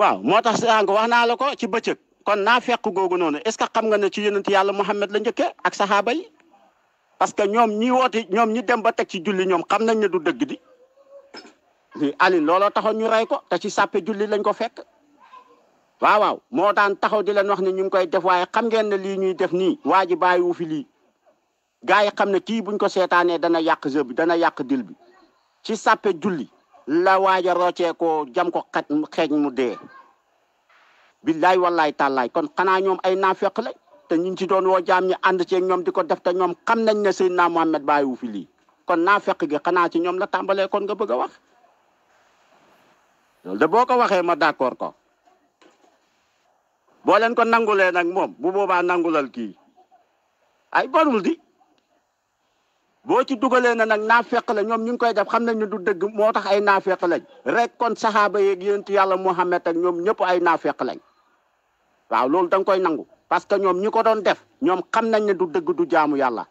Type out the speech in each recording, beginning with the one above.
waaw moo tax sànq wax naa la ko ci bëccëg kon naa fekk googu noonu est ce que xam nga ne ci yonent yàlla Muhammad la njëkkee ak saxaaba yi parce que ñoom ñi woote ñoom ñi dem ba teg ci julli ñoom xam nañ ne du dëgg di Alioune looloo taxoon ñu rey ko te ci sàppe julli lañ ko fekk waaw waaw moo taan taxaw di leen wax ne ñu ngi koy def waaye xam ngeen ne lii ñuy def nii waa ji bàyyiwu fi lii gars yi xam ne kii buñ ko seetaanee dana yàq jeu bi dana yàq dil bi ci sàppe julli la waaja roccee ko jam ko xaj xeeñ mu dee billaay wallaay tàllaay kon xanaa ñoom ay naa naafeq la te ñu ngi ci doon woo jaam ñi ànd cee ñoom di ko def te ñoom xam nañ ne Seydina Mohamed bàyyi wu fi lii kon naa naafeq gi xanaa ci ñoom la tàmbalee kon nga bëgga a wax de boo ko waxee ma d'accord ko boo leen ko nangulee nag moom bu boobaa nangulal kii ay barul di boo ci dugalee na nag naafeq la ñoom ñu ngi koy def xam nañ ne du dëgg moo tax ay naafeq lañ rek kon saxaaba yeeg yénti yàlla Muhammad ak ñoom ñëpp ay naafeq le waaw loolu da koy nangu parce que ñoom ñi ko doon def ñoom xam nañ ne du dëgg du jaamu yàlla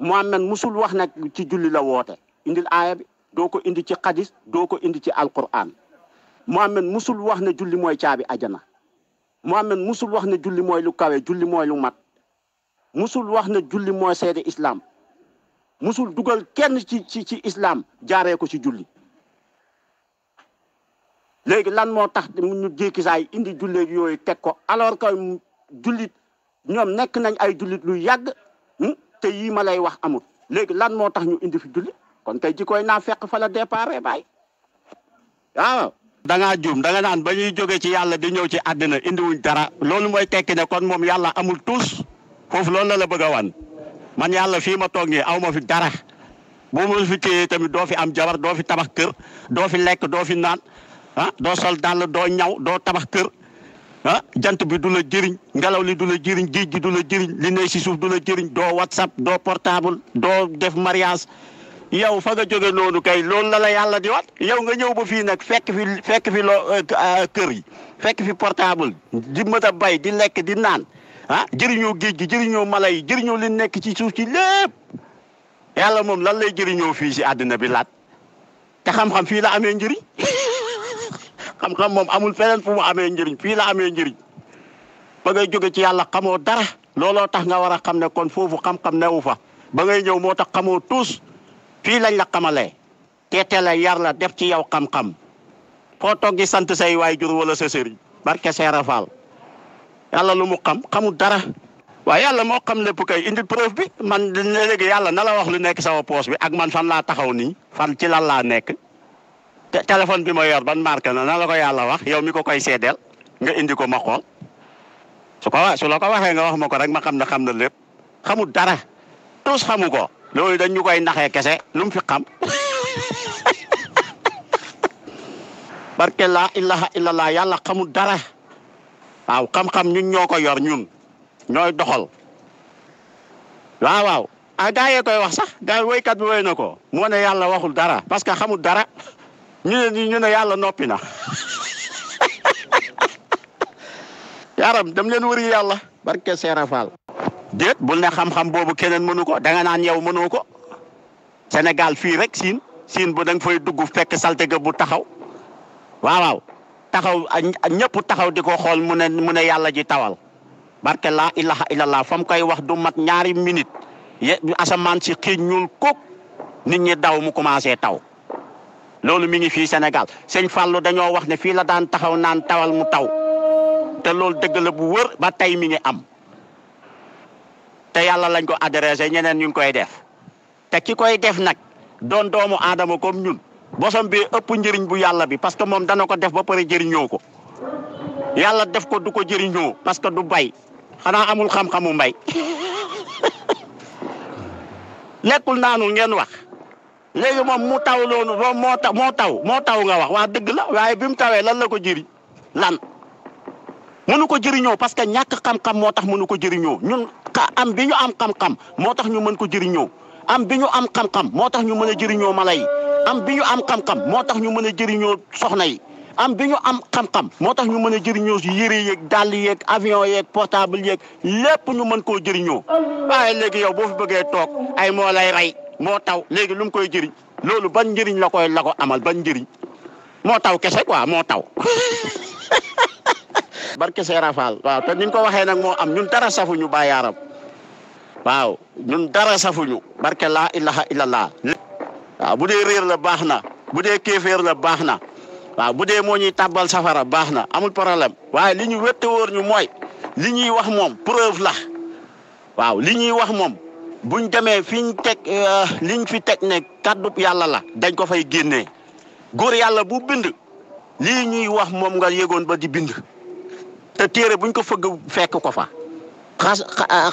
Muhammad musul wax nag ci julli la woote indi aaya bi doo ko indi ci xadis doo ko indi ci alquran Muhammad musul wax na julli mooy caabi ajana Muhammad musul wax ne julli mooy lu kawe julli mooy lu mat musul wax na julli mooy seede islam musul dugal kenn ci ci ci islam jaaree ko ci julli léegi lan moo tax ñu jékki saay indi julleeg yooyu teg ko alors que jullit ñoom nekk nañ ay jullit lu yàgg hm, te yii ma lay wax amul léegi lan moo tax ñu indi fi julli kon tey ji koy naa fekk fa la départ baay waaw da ngaa juum da nga naan ba ñuy jóge ci yàlla di ñëw ci àddina indiwuñ dara loolu mooy tekki ne kon moom yàlla amul tous foofu loolu la la bëgg a wan man yàlla fii ma toog awma fi dara boo ma fi téyee tamit doo fi am jabar doo fi tabax kër doo fi lekk doo fi naan ah doo sol dàll doo ñaw doo tabax kër ah jant bi du la jëriñ ngelaw li du la jëriñ géej gi du la jëriñ li ne si suuf du la jëriñ doo whatsapp doo portable doo def mariage yow faga nga jóge noonu kay loolu la la yàlla di wat yow nga ñëw ba fii nag fekk fi fekk fi loo euh, euh, kër yi fekk fi portable di mën a bay di lekk di naan. ah jëriñoo géej gi jëriñoo mala yi jëriñoo li nekk ci suuf ci lépp yàlla moom lan lay jëriñoo fii si àddina bi laat te xam-xam fii la amee njëriñ xam-xam moom amul feneen fu mu amee njëriñ fii la amee njëriñ ba ngay jóge ci yàlla xamoo dara looloo tax nga war a xam ne kon foofu xam-xam newu fa ba ngay ñëw moo tax xamoo tuus fii lañ la xamale teete la yar la def ci yow xam-xam foo toog sant say waay jur wala sa sëriñ barke Seera Faal yàlla lu mu xam xamul dara waaye yàlla moo xam lépp kay indi preuve bi man léegi yàlla na la wax lu nekk sama poos bi ak man fan laa taxaw nii fan ci lan laa nekk te téléphone bi ma yor ban marqué na na la ko yàlla wax yaw mi ko koy seedeel nga indi ko ma xool su ko su la ko waxee nga wax ma ko rek ma xam na xam na lépp xamul dara tous xamu ko loolu dañ ñu koy naxee kese lu mu fi xam barke laa ilaha illallah yàlla xamul dara waaw xam-xam ñun ñoo ko yor ñun ñooy doxal waaw waaw ah yee koy wax sax gaa woykat bi woy na ko moo yàlla waxul dara parce que xamul dara ñu ne ñu ne yàlla noppi na yaram dem leen wëri yàlla barke Seera Fall déet bul ne xam-xam boobu keneen mënu ko danga naan yow mënoo ko Sénégal fii rek siin siin bu danga fay dugg fekk salte ga bu taxaw waaw waaw taxaw ñëpp taxaw di ko xool mu ne mu yàlla ji tawal barke laa ilaha illallah fa mu koy wax du mat ñaari minute asamaan si xiiñ ñuul kook nit ñi daw mu commencé taw loolu mi ngi fii Sénégal sëñ Fallou dañoo wax ne fii la daan taxaw naan tawal mu taw te loolu dëgg la bu wër ba tey mi ngi am te yàlla lañ ko adressé ñeneen ñu ngi koy def te ki koy def nag doon doomu aadama comme ñun bosom bi ëpp njëriñ bu yàlla bi parce que moom dana ko def ba pare jëriñoo ko yàlla def ko du ko jëriñoo parce que du bay xanaa amul xam-xamu mbay lekkul naanul ngeen wax léegi moom mu taw loonu moom moo taw moo taw moo taw nga wax waa dëgg la waaye bi mu tawee lan la ko jëriñ lan mënu ko jëriñoo parce que ñàkk xam-xam moo tax mënu ko jëriñoo ñun am bi ñu am xam-xam moo tax ñu mën ko jëriñoo am bi ñu am xam-xam moo tax ñu mën a jëriñoo mala yi am bi ñu am xam-xam moo tax ñu mën a jëriñoo soxna yi am bi ñu am xam-xam moo tax ñu mën a jëriñoo yére yeeg dàll yeeg avion yeeg portable yeeg lépp ñu mën koo jëriñoo waaye léegi yow boo fi bëggee toog ay moo lay rey moo taw léegi lu koy jëriñ loolu ban njëriñ la koy la amal ban njëriñ moo taw kese quoi moo taw. barke Seera Fall waaw te ni ko waxee nag moo am ñun dara safuñu bàyyaaram waaw ñun dara safuñu barke laa ilaha illallah waaw bu dee réer la baax na bu dee kéeféer la baax na waaw bu dee moo ñuy tàbbal safara baax na amul problème waaye li ñu wette ñu mooy li ñuy wax moom preuve la waaw li ñuy wax moom buñ demee fiñ teg euh, liñ fi teg ne kaddu yàlla la dañ ko fay génnee góor yàlla bu bind lii ñuy wax moom nga yégoon ba di bind te téere buñ ko fëgg fekk ko fa xas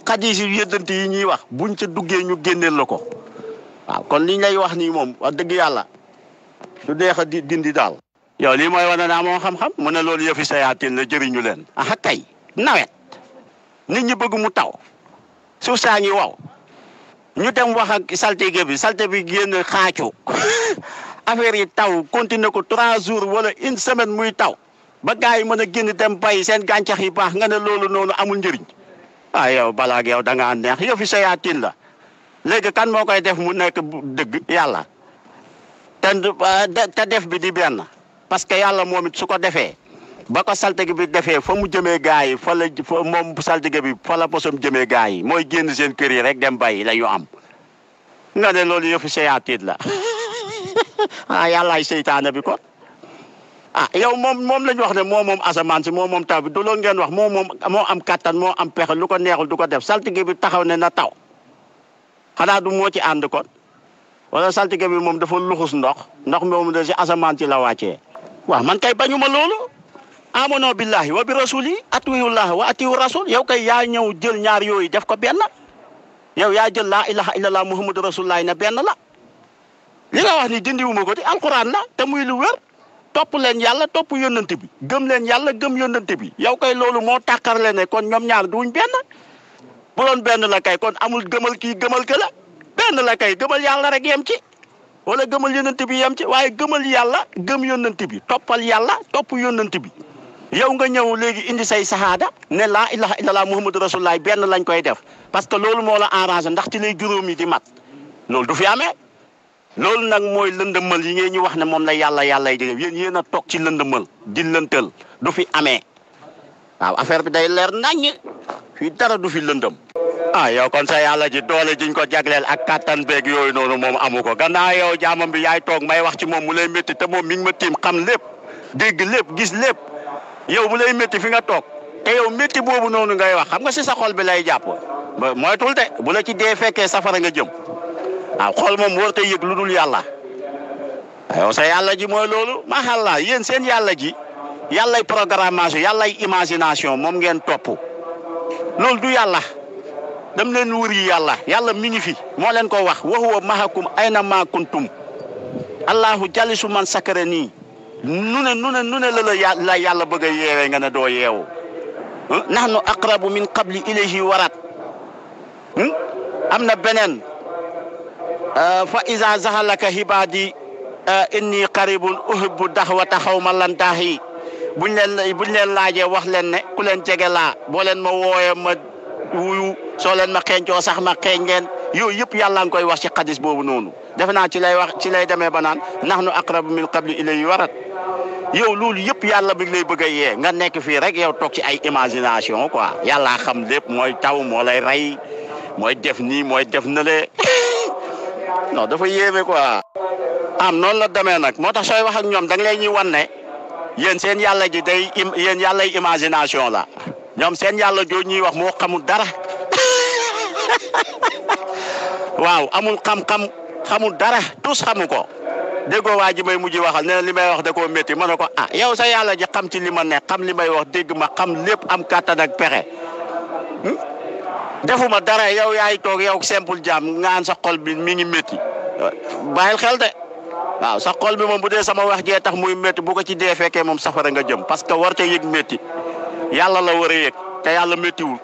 xadis yu yëddanti yi ñuy wax buñ ca duggee ñu génneel la ko waaw kon liñ lay wax nii moom wax dëgg yàlla du deex a di dindi daal. yow lii mooy wane naa moo xam-xam mu ne loolu yëfi sayaatin la jëriñu leen. ah tey nawet nit ñi bëgg mu taw suuf saa ngi waw ñu dem wax ak saltige bi salte bi génn xaacu affaire yi taw continuer ko trois jours wala une semaine muy taw ba gars yi mën a génn dem bay seen gàncax yi baax nga ne loolu noonu amul njëriñ. ah yow balaa yow danga ngaa neex yëfi sayaatin la. léegi kan moo koy def mu nekk dëgg yàlla te te def bi di benn parce que yàlla moom it su ko defee ba ko saltige bi defee fa mu jëmee gaa yi fa la moom saltige bi fa la posom jëmee gaa yi mooy génn seen kër yi rek dem bàyyi la ñu am nga ne loolu yëfu seytaane la ah yàllaay seytaane bi kon ah yow moom moom la ñu wax ne moo moom asamaan si moo moom taw bi du loolu ngeen wax moo moom moo am kattan moo am pexe lu ko neexul du ko def saltige bi taxaw ne na taw xanaa du moo ci ànd kon wala saltige bi moom dafa luxus ndox ndox moom da si asamaan ci la wàccee. waaw man kay bañu ma loolu. amono billahi wa bi rasuli atiyullah wa atiyu rasul yow kay ya ñëw jël ñaar yooyu def ko benn yow yaa jël laa ilaha la muhammadu rasulullah na benn la. li nga wax ni dindiwuma ko di alquran la te muy lu wér topp len yàlla topp yónnante bi gëm leen yàlla gëm yónnante bi yow kay loolu moo tàkkar leen ne kon ñoom ñaar duñ benn. bu doon benn la kay kon amul gëmal kii gëmal ka la benn la kay gëmal yàlla rek yem ci wala gëmal yonent bi yem ci waaye gëmal yàlla gëm yonent bi toppal yàlla topp yonent bi yow nga ñëw léegi indi say sahaada ne laa ilaha illallah muhammadu rasulullah benn lañ koy def parce que loolu moo la arrangé ndax ci lay juróom yi di mat loolu du fi amee loolu nag mooy lëndëmal yi ngeen ñu wax ne moom la yàlla yàlla di yéen yéen a toog ci lëndëmal di lantal du fi amee waaw affaire bi day leer naññ fii dara fi lëndëm ah yow kon sa yàlla ji doole jiñ ko jagleel ak kattan beeg yooyu noonu moom amu ko gannaaw yow jaamam bi yaay toog may wax ci moom mu lay métti te moom mi ngi ma tiim xam lépp dégg lépp gis lépp yow mu lay métti fi nga toog te yow métti boobu noonu ngay wax xam nga si sa xol bi lay jàpp moytul de bu la ci dee fekkee safara nga jëm waaw ah, xol moom wo te yëg lu dul yàlla yow sa yàlla ji mooy loolu maxalla yéen seen yàlla ji yàllay programmation yàllay imagination moom ngeen topp dem leen wëri yàlla yàlla mi ngi fi moo leen ko wax wa huwa mahakum ayna ma kuntum allahu jalisu man sakare nii nu ne nu ne nu ne la la yàlla bëgg a nga ne doo yeewu nahnu aqrabu min qabli ilayhi warat am na benen euh, fa iza zahalaka hibaadi euh, inni qaribun uhibbu dahwata xawma lan daahi buñ leen buñ leen laajee wax leen ne ku leen jege boo leen ma wooyee wuyu soo leen ma xeeñcoo sax ma xeeñ leen yooyu yëpp yàlla ngi koy wax ci xadis boobu noonu defe naa ci lay wax ci lay demee ba naan nahnu aqrabu min qabli ilayhi warat yow loolu yëpp yàlla bi lay bëgg a yee nga nekk fii rek yow toog ci ay imagination quoi yàllaa xam lépp mooy taw moo lay rey mooy def nii mooy def na le non dafa yéeme ko am noonu la demee nag moo tax sooy wax ak ñoom da lay leen ñuy wan ne yéen seen yàlla ji day yéen yàllay imagination la. ñoom seen yàlla joo ñuy wax moo xamul dara waaw amul xam-xam xamul dara tous xamu ko déggoo waa ji may mujj waxal ne li may wax de ko métti ma ne ko ah yow sa yàlla ji xam ci li ma ne xam li may wax dégg ma xam lépp am kàttan ak pexe hmm? defuma dara yow yaay toog yow simple jàmm nga an sa xol bi mi ngi métti bàyyil xel de waaw sa xol bi moom bu dee sama wax jee tax muy métti bu ko ci dee fekkee moom safara nga jëm parce que warta yëg métti yàlla la war a yëg te yàlla méttiwul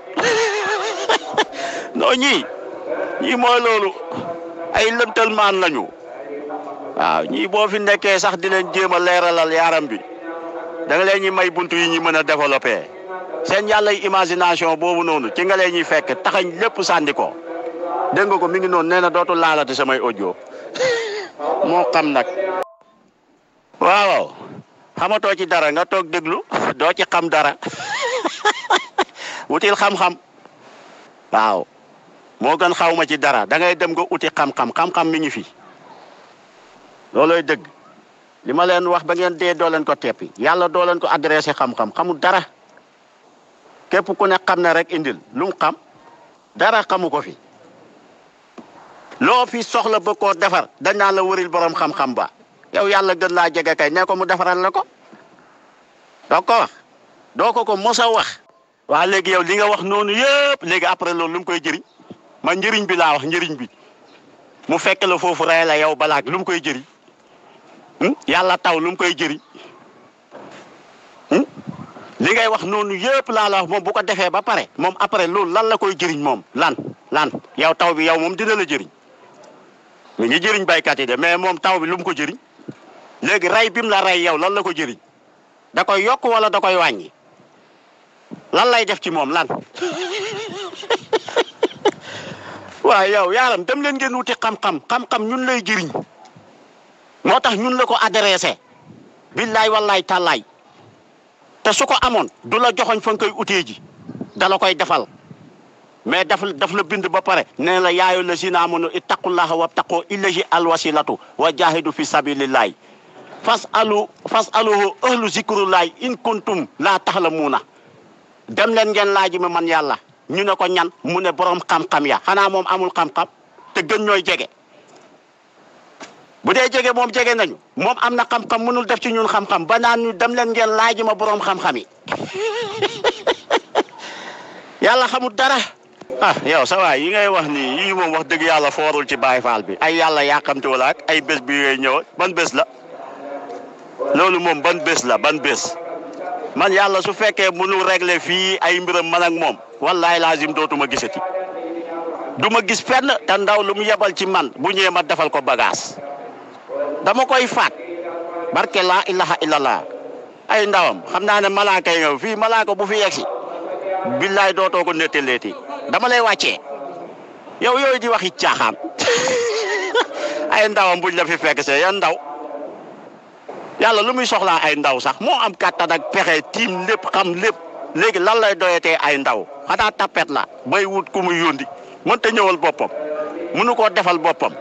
non ñii ñii mooy loolu ay lëntal maan lañu waaw ñii boo fi nekkee sax di leen jéem a leeralal yaram bi da nga may bunt yi ñuy mën a développé seen yàlla imagination boobu noonu ci nga leen ñuy fekk taxañ lépp sànni ko dégg nga ko mu ngi noon nee na dootul laalati samay audio moo xam nag. waaw xamatoo ci dara nga toog déglu doo xam dara. wutil xam-xam waaw moo gën xaw ci dara da ngay dem nga uti xam-xam xam-xam mi ngi fi loolooy dëgg li ma leen wax ba ngeen dee doo leen ko teppi yàlla doo leen ko adressé xam-xam xamul dara képp ku ne xam na rek indil lum xam dara xamu ko fi loo fi soxla ba koo defar dañ naan la wëril boroom xam-xam ba yow yàlla gën laa jege kay ne ko mu defaral la ko doo doo ko ko mosa a wax. waa léegi yow li nga wax noonu yëpp léegi après loolu lu koy jëriñ ma njëriñ bi laa wax njëriñ bi mu fekke la foofu rey la yow balaag lu mu koy jëriñ hmm? yàlla taw lu mu koy jëriñ hmm? li ngay wax noonu yëpp laa la wax moom bu ko defee ba pare moom après loolu lan la koy jëriñ moom lan lan yow taw bi yow moom dina la jëriñ mi jëriñ baykat yi de mais moom taw bi lu mu ko jëriñ léegi rey bi mu la rey yow lan la ko jëriñ da koy yokk wala da koy wàññi. lan lay def ci moom lan waaw yow yaaram dem leen ngeen wuti xam-xam xam-xam ñun lay jëriñ moo tax ñun la ko adressé billaay wallaay tàllaay te su ko amoon du la joxoñ fa koy utee ji dala koy defal mais daf daf la bind ba pare nee la yaayu la si naa munu ittaqullaha wabtaqoo ilayhi alwasilatu wa jahidu fi sabilillahi fas alu fas aluhu ahlu zikrullahi in kuntum laa taxlamuuna dem leen ngeen laaji ma man yàlla ñu ne ko ñan mu ne borom xam-xam ya xanaa moom amul xam-xam te gën ñooy jege bu dee jege moom jege nañu moom am na xam-xam mënul def ci ñun xam-xam ba naan ñu dem leen ngeen laaji ma borom xam-xam yi yàlla xamul dara. ah yow sa waay yi ngay wax nii yii moom wax dëgg yàlla foorul ci Baay Faal bi ay yàlla yàqamte wala ak ay bés bi ngay ñëw ban bés la loolu moom ban bés la ban bés. man yàlla su fekkee mënu régler fii ay mbiram man moom wallaay laazim dootuma gisati du gis fenn te ndaw lu mu yebal ci man bu ñëwee ma defal ko bagaas dama koy faat barke laa ilaha illallah ay ndawam xam naa ne malaaka yi ñëw malaaka bu fi yegsi billaay dootoo ko nettaleeti dama lay wàccee yow yooyu di waxi caaxaan ay ndawam buñ la fi fekk see ndaw yàlla lu muy soxlaa ay ndaw sax moo am kàttan ak pexe tiim lépp xam lépp léegi lan lay doyatee ay ndaw xanaa tapet la bay wut ku muy yóndi mënta ñëwal boppam mënu koo defal boppam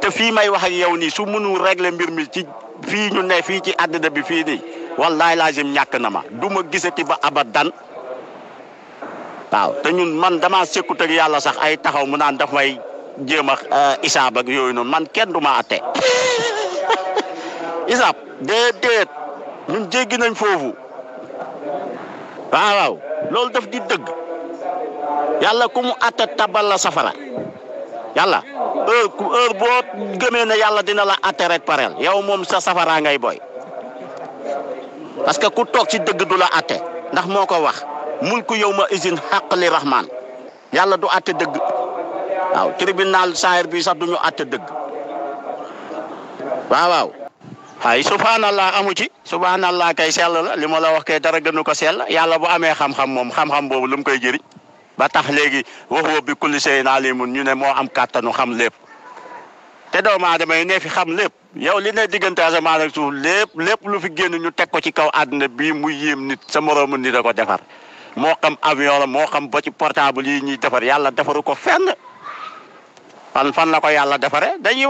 te fii may wax ak yow nii su mënu régler mbir mi ci fii ñu ne fii ci àddina bi fii nii wallaay laazim ñàkk na ma du ma gisati ba dan waaw te ñun man damaa sekkut ak yàlla sax ay taxaw mu naan daf may jéem a euh, isaab yooyu noon man kenn du ma atte ISAP déedéet ñun jéggi nañ foofu waaw waaw loolu di dëgg yàlla ku mu atta tabal la safara yàlla heure ku heure boo gëmee ne yàlla dina la atte rek pareel yow moom sa safara ngay boy parce que ku toog ci dëgg du la atte ndax moo ko wax mulku yawma ma xaq li rahmaan yàlla du atte dëgg waaw tribunal saayir bi sax duñu ñu dëgg waaw waaye subhanallah amu ci subhanallah kay sell la li ma la wax kay dara gënu ko sell yàlla bu amee xam-xam moom xam-xam boobu lu mu koy jëriñ ba tax léegi wax wo bi kulli shay'in alimun ñu ne moo am kàttanu xam lépp te doomu aadama yi ne fi xam lépp yow li ne diggante asamaan ak suuf lépp lépp lu fi génn ñu teg ko ci kaw àdduna bi mu yéem nit sa moroomu nit a ko defar moo xam avion la moo xam ba ci portable yi ñuy defar yàlla defaru ko fenn fan fan la ko yàlla defaree dañuy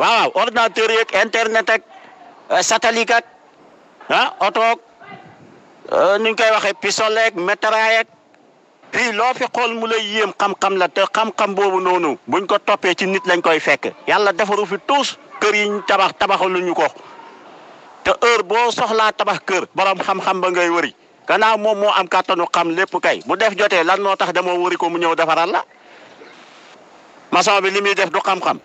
waaw ordinateur yeeg internet ak euh, satellite ak ah otoog euh, nu koy waxee pistolet ak métraille ak lii loo fi xool mu lay yéem xam-xam la te xam-xam boobu noonu buñ ko toppee ci nit lañ koy fekk yàlla defaru fi tous kër yi tabax tabax tabaxaluñu ko te heure boo soxlaa tabax kër borom xam-xam ba ngay wëri gannaaw moom moo am kàttanu xam lépp kay mu def jotee lan moo tax demoo wëri ko mu ñëw defaral la maçon bi li muy def du xam-xam.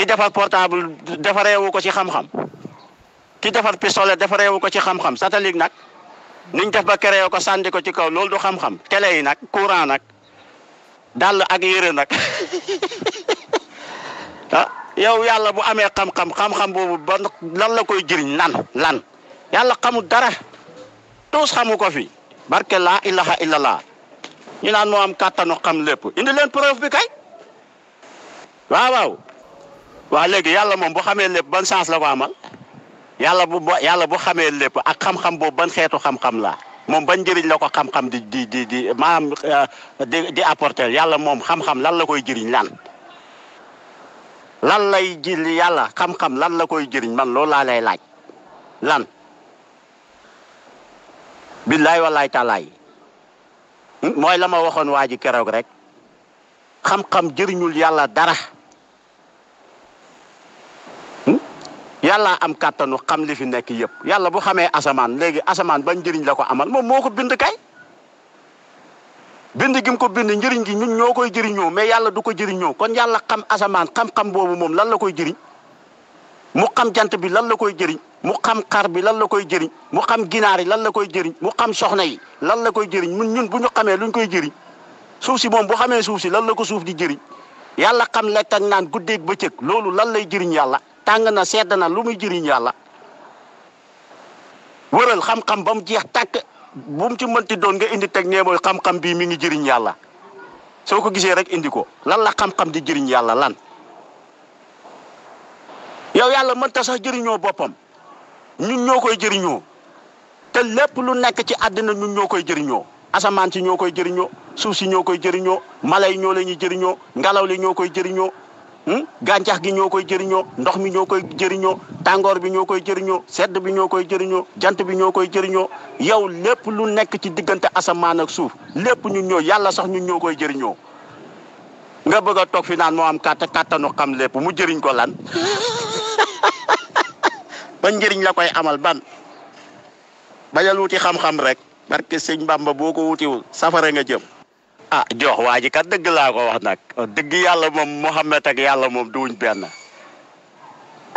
ki defar portable defaree wu ko ci xam-xam ki defar pistolet defaree wu ko ci xam-xam satellite nag niñ def ba créé ko sànni ko ci kaw loolu du xam-xam teley yi nag courant nag dàll ak yére nag ah yow yàlla bu amee xam-xam xam bo ba lan la koy jëriñ lan lan yàlla xamul dara tous xamu ko fi barke laa ilaha illallah ñu naan moo am kàttanu xam lépp indi leen preuve bi kay waaw waa léegi yàlla moom boo xamee lépp ban chance la ko amal yàlla bu yàlla bu xamee lépp ak xam-xam boobu ban xeetu xam-xam la moom ban njëriñ la ko xam-xam di di di di maanaam euh, di di yàlla moom xam-xam lan la koy jëriñ lan. lan lay jëriñ yàlla xam-xam lan la koy jëriñ man loolu laa lay laaj lan. lay walaay talaay hmm? mooy la ma waxoon waa ji keroog rek xam-xam jëriñul yàlla dara. yàllaa am kàttanu xam li fi nekk yëpp yàlla bu xamee asamaan léegi asamaan ba njëriñ la ko amal moom moo ko bind kay bind gi ko bind njëriñ gi ñun ñoo koy jëriñoo mais yàlla du ko jëriñoo kon yàlla xam asamaan xam-xam boobu moom lan la koy jëriñ mu xam jant bi lan la koy jëriñ mu xam xar bi lan la koy jëriñ mu xam ginaar yi lan la koy jëriñ mu xam soxna yi lan la koy jëriñ mu ñun bu ñu xamee luñ koy jëriñ suuf si moom bu xamee suuf si lan la ko suuf di jëriñ yàlla xam lekk ak naan guddeeg bëccëg loolu lan lay jëriñ yàlla tàng na sedd na lu muy jëriñ yàlla wëral xam-xam ba mu jeex tàkk bu mu ci mënti doon nga indi teg nee mooy xam-xam bii mi ngi jëriñ yàlla soo ko gisee rek indi ko lan la xam-xam di jëriñ yàlla lan yow yàlla mënta sax jëriñoo boppam ñun ñoo koy jëriñoo te lépp lu nekk ci àddina ñu ñoo koy jëriñoo asamaan si ñoo koy jëriñoo suuf si ñoo koy jëriñoo mala yi ñoo la ñuy jëriñoo ngelaw li ñoo koy jëriñoo Hmm? gàncax gi ñoo koy jëriñoo ndox mi ñoo koy jëriñoo tàngoor bi ñoo koy jëriñoo sedd bi ñoo koy jëriñoo jant bi ñoo koy jëriñoo yow lépp lu nekk ci diggante asamaan ak suuf lépp ñun ñoo yàlla sax ñun ñoo koy jëriñoo nga bëgg a toog fi naan moo am kàtt xam lépp mu jëriñ ko lan ba njëriñ la koy amal ban bañal wuti xam-xam rek parce que sëñ Bamba boo ko wutiwul safara nga jëm. ah jox waa ji dëgg laa ko wax nag dëgg yàlla moom Muhammad ak yàlla moom duwuñ benn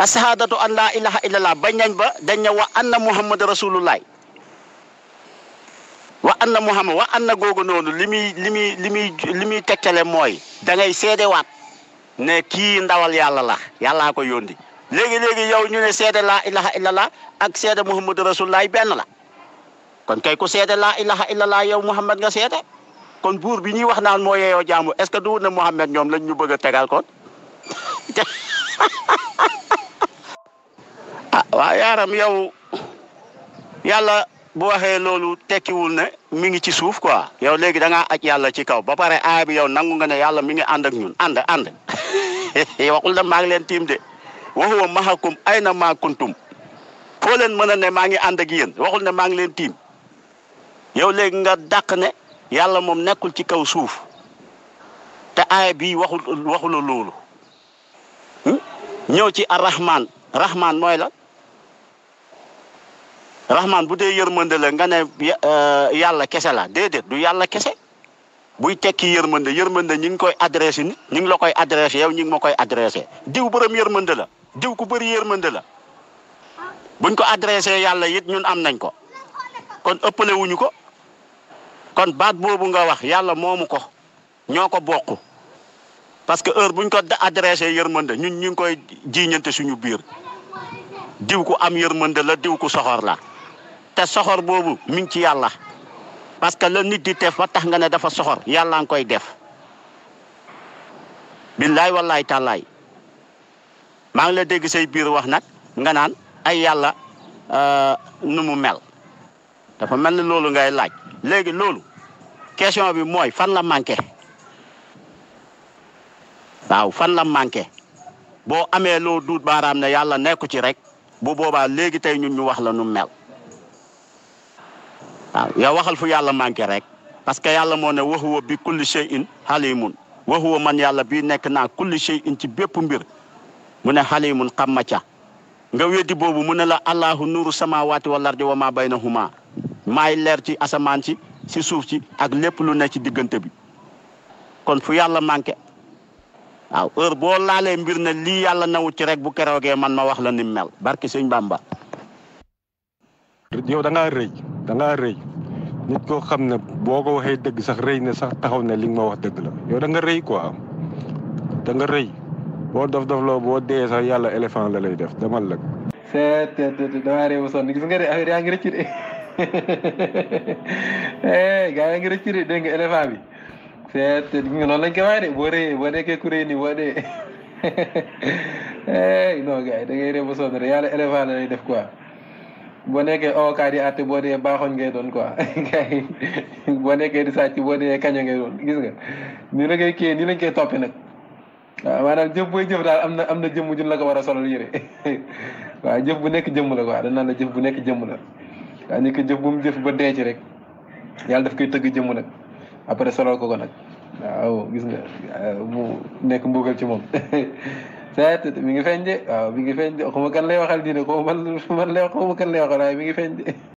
ashaadatu an laa ilaha illallah bañ nañ ba dañ ne wa anna muhammad rasulullah wa anna muhammad wa na googu noonu li muy li muy li muy li muy tegtale mooy da ngay seedewaat ne kii ndawal yàlla la yàllaa ko yóndi léegi-léegi yow ñu ne seede laa ilaha illallah ak seede muhammad rasulullah benn la kon kay ku seede laa ilaha illallah yow muhammad nga seede kon buur bi ñuy wax naan moo yeeyoo jaamu est-ce que du na Mohamed ñoom lañ ñu bëgg a tegal kon ah waa yaaram yow yàlla bu waxe loolu tekkiwul ne mi ngi ci suuf quoi yow léegi da ngaa aj yàlla ci kaw ba pare aaya bi nangu nga ne yàlla mi ngi ànd ak ñun ànd ànd waxul da maa ngi leen tiim de waxuwa ay na maa leen mën a ne maa ngi ànd ak yéen waxul ne maa ngi leen tiim yow léegi nga dàq ne yàlla moom nekkul ci kaw suuf te aaya bii waxul waxula loolu hmm? ñëw ci arrahman rahman mooy la rahman bu dee yërmande la nga ne euh, yàlla kese la déedéet du yàlla kese buy tekki yërmande yërmande ñi ngi koy adressé nit ñi ngi la koy adressé yow ñi ngi ma koy adressé diw borom yërmande la diw ku bëri yërmande la buñ ko adressé yàlla it ñun am nañ ko kon ëppale wuñu ko kon baat boobu nga wax yàlla moomu ko ñoo ko bokk parce que heure buñ ko adressé yërmande ñun ñu ngi koy jiiñante suñu biir diw ku am yërmande la diw ku soxor la te soxor boobu mi ngi ci yàlla parce que la nit di def ba tax nga ne dafa soxor yàlla nga koy def billaay wallaay tàllaay maa ngi la dégg say biir wax nag nga naan ay yàlla euh, nu mu mel dafa mel ni loolu ngay laaj léegi loolu question bi mooy fan la manqué waaw fan la manqué boo amee loo duut baaraam ne yàlla nekku ci rek bu booba léegi tey ñun ñu wax la nu mel waaw yow waxal fu yàlla manqué rek parce que yàlla moo ne waxuwa bi kulli shay'in halimun waxuwa man yàlla bii nekk naa kulli shay'in ci bépp mbir mu ne halimun xam ma ca nga weddi boobu mu ne la allahu nuru samawaati wal ardi wa ma baynahuma maay leer ci asamaan ci si suuf ci ak lépp lu ne ci diggante bi kon fu yàlla manqué waaw heure boo laalee mbir ne lii yàlla nawut ci rek bu keroogee man ma wax la ni mel barki sëñ Bàmba yow da ngaa rëy da ngaa rëy nit koo xam ne boo ko waxee dëgg sax rëy na sax taxaw ne li ma wax dëgg la yow danga rëy quoi da nga rëy boo dof dof loo boo dee sax yàlla éléphant la lay def demal la. c'est gaa yaa ngi retiré dégg nga éléphant bi seet noonu lañ koy waxee de boo rëyee boo nekkee ku rëy nii boo dee non gars yi da ngay rëy ba sonn rek yàlla éléphant la lay def quoi boo nekkee ookaa di àtte boo dee baaxoñ ngay doon quoi gars yi boo nekkee di sàcc boo dee kaño ngay doon gis nga nii la ngay kii nii lañ koy toppee nag waaw maanaam jëf booy jëf daal am na am na jëmm jun la ko war a solal yére waaw jëf bu nekk jëmm la quoi danaan la jëf bu nekk jëmm daa ni ko jëf bu jëf ba dee ci rek yàlla daf koy tëgg jëmm nag après solo ko ko nag waaw gis nga euh, mu nekk mbugal ci moom seet mi ngi feeñ de waaw mi ngi feeñ de xaw kan lay waxal diine xaw ma man man lay xaw ma kan lay waxal waaye mi ngi feeñ de